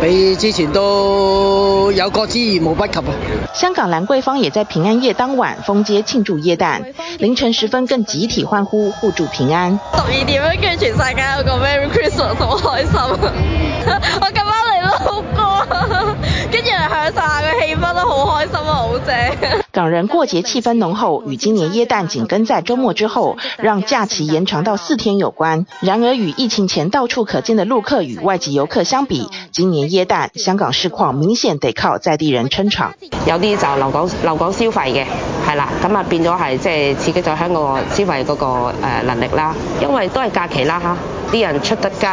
比之前都有過之而無不及啊！香港蘭桂坊也在平安夜當晚封街慶祝耶誕，凌晨時分更集體歡呼，互助平安。十二點跟住全世界有個 Merry Christmas，好開心啊！ 我今晚嚟得好過，跟住嚟享受下個氣氛咯，好開心啊，好正！港人過節氣氛濃厚，與今年耶誕緊跟在周末之後，讓假期延長到四天有關。然而，與疫情前到處可見的陸客與外籍遊客相比，今年耶誕香港市況明顯得靠在地人撐場，有啲就留港留港消費嘅，係啦，咁啊變咗係即係刺激咗香港消費嗰個誒能力啦，因為都係假期啦吓，啲人出得街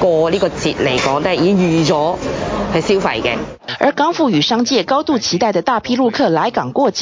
過呢個節嚟講都係已經預咗係消費嘅。而港府與商界高度期待的大批陸客來港過節。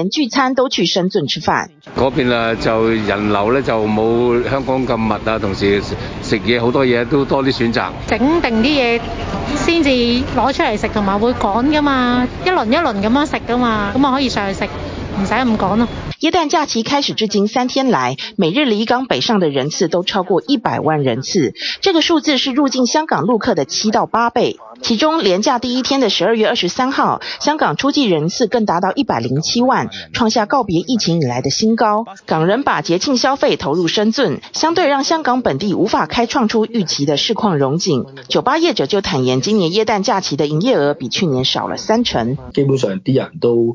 連聚餐都去深圳吃飯，嗰邊啊就人流咧就冇香港咁密啊。同時食嘢好多嘢都多啲選擇，整定啲嘢先至攞出嚟食，同埋會趕噶嘛，一輪一輪咁樣食噶嘛，咁啊可以上去食。唔使咁講啦！耶誕假期開始至今三天來，每日離港北上的人次都超過一百萬人次，這個數字是入境香港陸客的七到八倍。其中連假第一天的十二月二十三號，香港出境人次更達到一百零七萬，創下告別疫情以來的新高。港人把節慶消費投入深圳，相對讓香港本地無法開創出預期的市況榮景。酒吧業者就坦言，今年耶誕假期的營業額比去年少了三成。基本上啲人都。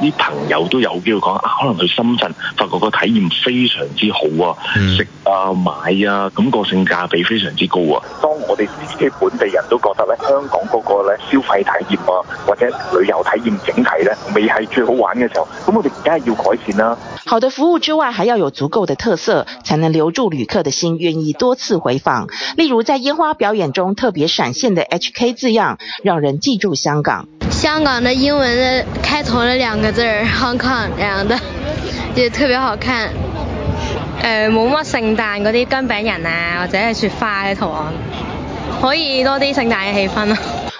啲朋友都有機會講啊，可能去深圳，發覺個體驗非常之好啊，嗯、食啊買啊，咁、那個性價比非常之高啊。當我哋自己本地人都覺得咧，香港嗰個咧消費體驗啊，或者旅遊體驗整體咧，未係最好玩嘅時候，咁我哋而家係要改善啦、啊。好的服務之外，還要有足夠的特色，才能留住旅客的心，願意多次回訪。例如在煙花表演中特別閃現的 HK 字樣，讓人記住香港。香港的英文的開頭的兩個字，Hong Kong 這樣的，就特別好看。呃，冇乜聖誕嗰啲薑餅人啊，或者係雪花嘅圖案，可以多啲聖誕嘅氣氛咯、啊。